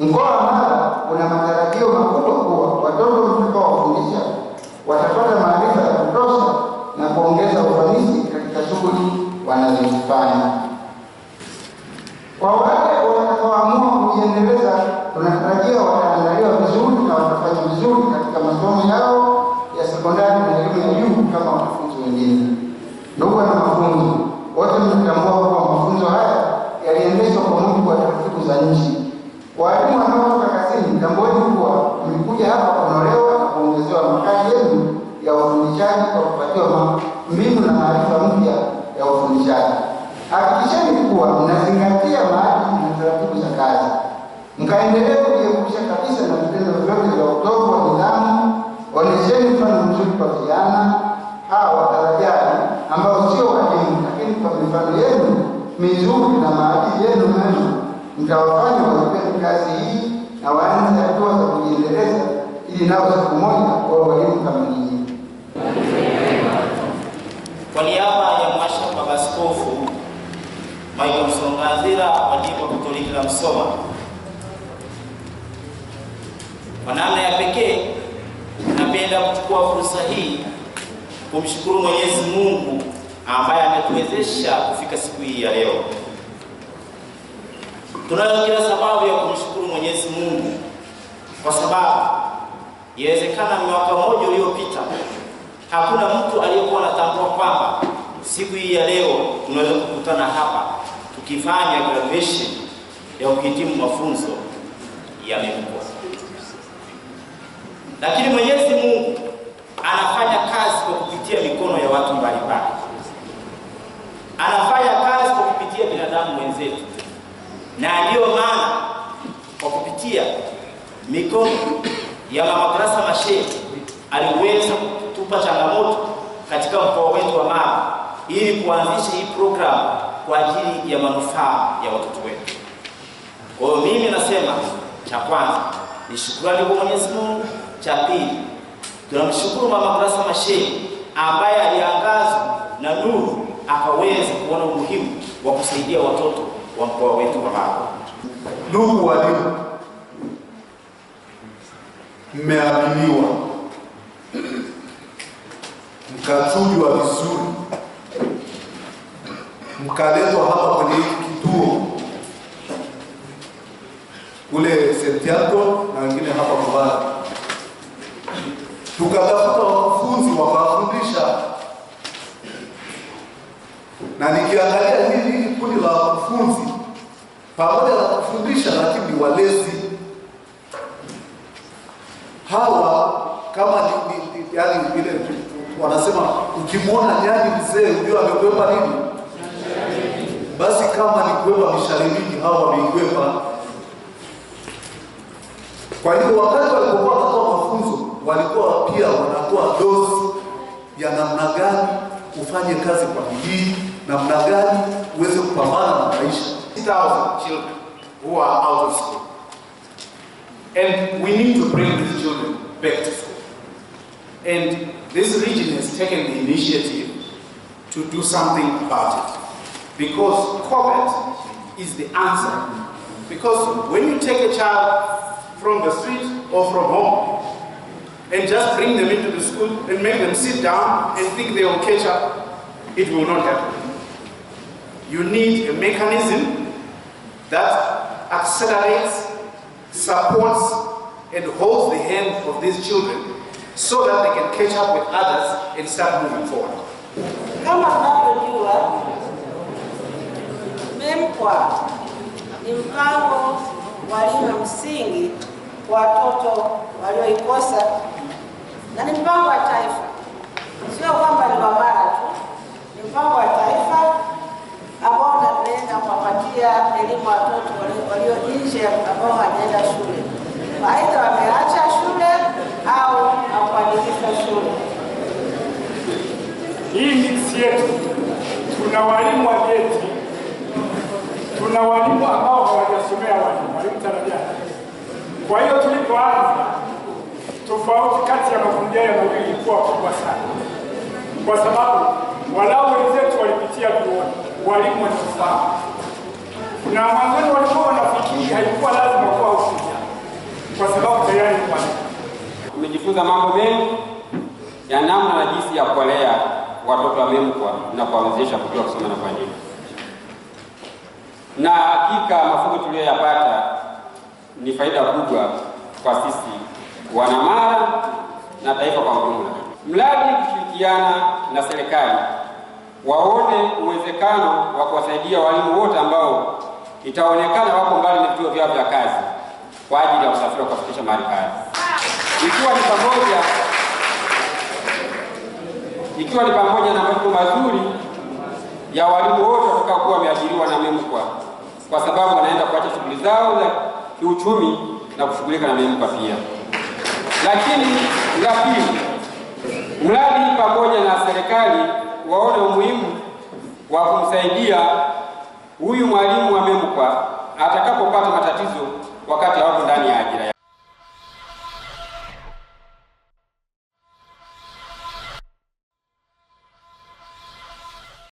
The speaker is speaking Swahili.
Mkoa wa Mara una matarajio makubwa kuwa watoto mtakawafundisha watapata maarifa ya kutosha na kuongeza ufanisi katika shughuli wanazozifanya. Kwa wale watakaoamua kujiendeleza, tunatarajia wataandaliwa vizuri na watafanya vizuri katika masomo yao ya sekondari na elimu ya juu kama wanafunzi wengine. mizuri na maadili yenu mema, mtawafanya waipende kazi hii na waanze hatua za kujiendeleza, ili nao siku moja kwa walimu kama nyinyi. Kwa niaba ya mwashamu wa maaskofu Michael Msonganzira wa jimbo Katoliki la Msoma, kwa namna ya pekee napenda kuchukua fursa hii kumshukuru Mwenyezi Mungu ambaye ametuwezesha kufika siku hii ya leo. Tunayo kila sababu ya kumshukuru Mwenyezi Mungu kwa sababu inawezekana mwaka mmoja uliopita hakuna mtu aliyekuwa anatambua kwamba siku hii ya leo tunaweza kukutana hapa tukifanya graduation ya kuhitimu mafunzo ya MEMKWA, lakini Mwenyezi Mungu anafanya kazi kwa kupitia mikono ya watu na ndiyo maana kwa kupitia mikono ya mamadrasa mashehe aliweza kutupa changamoto katika mkoa wetu wa Mara ili kuanzisha hii programu kwa ajili ya manufaa ya watoto wetu. Kwa hiyo mimi nasema cha kwanza ni shukrani kwa Mwenyezi Mungu. Cha pili tunamshukuru mamadrasa mashehe ambaye aliangazwa na nuru akaweza kuona umuhimu wa kusaidia watoto wa mkoa wetu wa Mara. Ndugu walimu, mmeaminiwa mkachujwa vizuri, mkaletwa hapa kwenye hiki kituo kule Santiago na wengine hapa Mubara, tukatafuta ni walezi hawa kama ni, yani vile wanasema ukimwona nyani mzee ujua amekwepa nini. Basi kama ni kuwepa mishale mingi hawa wameikwepa. Kwa hiyo wakati walipokuwa wanatoa mafunzo, walikuwa pia wanatoa dozi ya namna gani ufanye kazi kwa bidii, namna gani uweze kupambana na maisha. who are out of school. And we need to bring these children back to school. And this region has taken the initiative to do something about it. Because COVID is the answer. Because when you take a child from the street or from home and just bring them into the school and make them sit down and think they will catch up, it will not happen. You need a mechanism that accelerates, supports, and holds the hand of these children so that they can catch up with others and start moving forward. Kama mnavyojua MEMKWA ni mpango wa elimu msingi kwa watoto walioikosa na ni mpango wa taifa, sio kwamba ni wamara tu, ni mpango wa taifa ambao unalenga kuwapatia elimu watoto walio nje ambao wanaenda shule, aidha wameacha shule au hawakuandikisha shule. Hii mix yetu, tuna walimu wa geti, tuna walimu ambao hawajasomea walimu walimu tarajia. Kwa hiyo tulipoanza, tofauti kati ya makundi hayo mawili ilikuwa kubwa sana, kwa sababu walau wenzetu walipitia kuona walimu wanatufahamu na mwanzoni walikuwa wanafikiri haikuwa lazima kuwa kwa sababu tayari kwa umejifunza mambo mengi ya namna na jinsi ya kuwalea watoto wa MEMKWA na kuwawezesha kujua kusoma na kuandika, na hakika mafunzo tuliyoyapata ni faida kubwa kwa sisi wanamara na taifa kwa ujumla. Mradi kushirikiana na serikali waone uwezekano wa kuwasaidia walimu wote ambao itaonekana wako mbali na vituo vyao vya kazi kwa ajili ya usafiri wa kuwafikisha mahali kazi, ikiwa ni pamoja ikiwa ni pamoja na mambo mazuri ya walimu wote kuwa wameajiriwa na MEMKWA kwa sababu wanaenda kuacha shughuli zao za kiuchumi na kushughulika na MEMKWA pia. Lakini la pili, mradi pamoja na serikali waone umuhimu wa kumsaidia Huyu mwalimu wa MEMKWA atakapopata matatizo